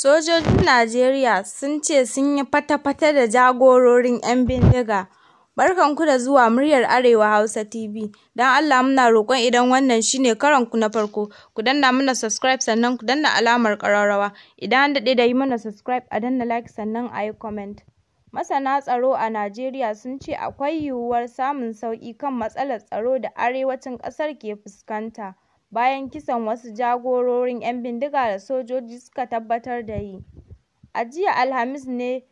Sojojin Najeriya sun ce sun yi fata-fata da jagororin ‘yan bindiga. Barkanku da zuwa muryar Arewa Hausa TV. Don Allah muna roƙon idan wannan shi ne ku na farko, ku danna mana subscribe sannan ku danna alamar ƙararrawa. Idan an daɗe da yi mana subscribe a danna like sannan a yi comment. Masana tsaro a Najeriya sun ce akwai yiwuwar samun sauƙi kan matsalar tsaro da arewacin ƙasar ke fuskanta. bayan kisan wasu jagororin 'yan bindiga da sojoji suka tabbatar da yi. A jiya Alhamis ne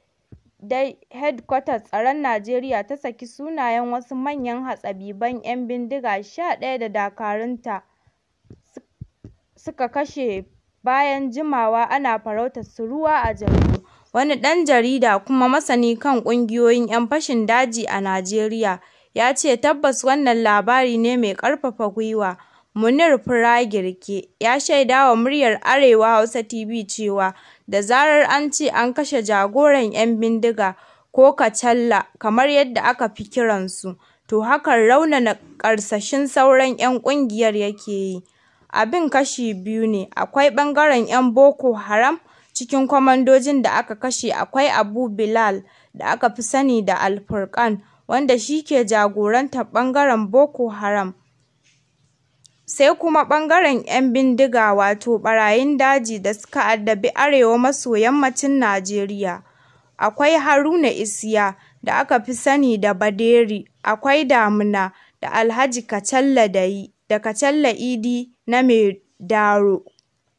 dai hedkwatar tsaron Najeriya ta saki sunayen wasu manyan hatsabiban 'yan bindiga sha ɗaya da dakarunta suka kashe bayan jimawa ana farautar su ruwa a jallo. Wani ɗan jarida kuma masani kan ƙungiyoyin 'yan fashin daji a Najeriya ya ce tabbas wannan labari ne mai ƙarfafa gwiwa. Munir Firagirge, ya shaidawa muryar Arewa Hausa TV cewa da zarar an ce an kashe jagoran ‘yan bindiga ko ''Kacalla'' kamar yadda aka fi kiransu, to hakan raunana karsashin sauran ‘yan ƙungiyar yake yi. Abin kashi biyu ne, akwai ɓangaren ‘yan Boko Haram, cikin kwamandojin da aka kashe akwai Abu Bilal da aka fi sani da Alfurkan, wanda shi ke jagorantar ɓangaren Boko Haram. sai kuma ɓangaren 'yan bindiga wato ɓarayin daji da suka addabi arewa maso yammacin Najeriya. Akwai Haruna Isiya da aka fi sani da Baderi, akwai Damina da Alhaji Kacalla Dayi da Kacalla Idi na Maidaro,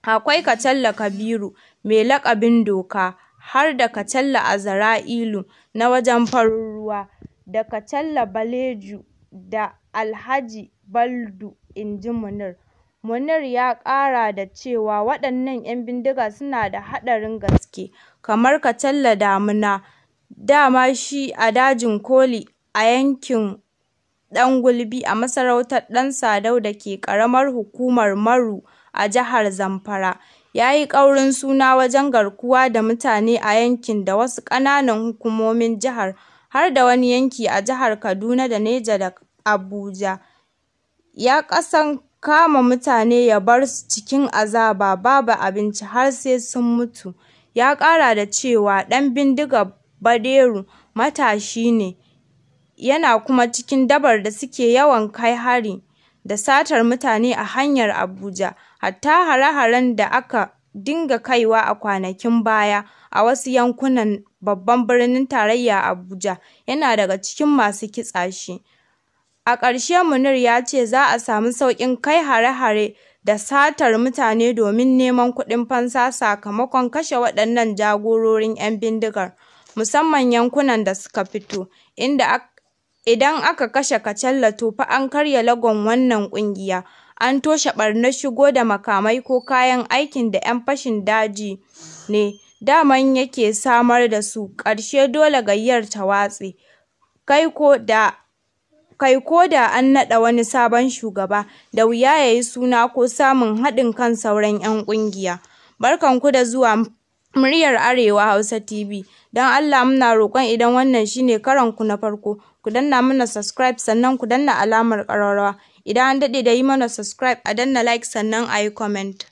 akwai Kacalla Kabiru mai laƙabin Doka har da Kacalla Azara'ilu na wajen Farin Ruwa da Kacalla Baleju da Alhaji Baldu in ji Munir. Munir ya ƙara da cewa waɗannan ‘yan bindiga suna da haɗarin gaske, kamar talla damuna, dama shi a dajin Koli a yankin ɗan-gulbi a masarautar Ɗan Sadau da ke ƙaramar hukumar Maru a jihar Zamfara. ya yi ƙaurin suna wajen garkuwa da mutane a yankin da wasu ƙananan hukumomin jihar har da wani yanki a jihar Kaduna da Neja da Abuja. ya kasan kama mutane ya bar su cikin azaba babu abinci har sai sun mutu. Ya ƙara da cewa 'dan bindiga Baderu matashi ne yana kuma cikin dabar da suke yawan kai hari da satar mutane a hanyar Abuja, hatta hare-haren da aka dinga kaiwa a kwanakin baya a wasu yankunan babban birnin tarayya Abuja yana daga cikin masu kitsa shi. A ƙarshe Munir ya ce za a sami sauƙin kai hare-hare da satar mutane domin neman kuɗin fansa sakamakon kashe waɗannan jagororin 'yan bindigar, musamman yankunan da suka fito, inda idan aka kashe Kacalla to fa an karya lagon wannan ƙungiya, an toshe ɓarnar shigo da makamai ko kayan aikin da 'yan fashin daji ne daman yake samar da su, ƙarshe dole gayyar ta watse, kai ko da Kai ko da an naɗa wani sabon shugaba, da wuya ya yi suna ko samun haɗin kan sauran 'yan ƙungiya. Barkanku da zuwa muryar Arewa Hausa TV. Don Allah muna roƙon idan wannan shine karanku na farko, ku danna mana subscribe sannan ku danna alamar ƙararrawa. Idan an daɗe da yi mana subscribe a danna like sannan a yi comment.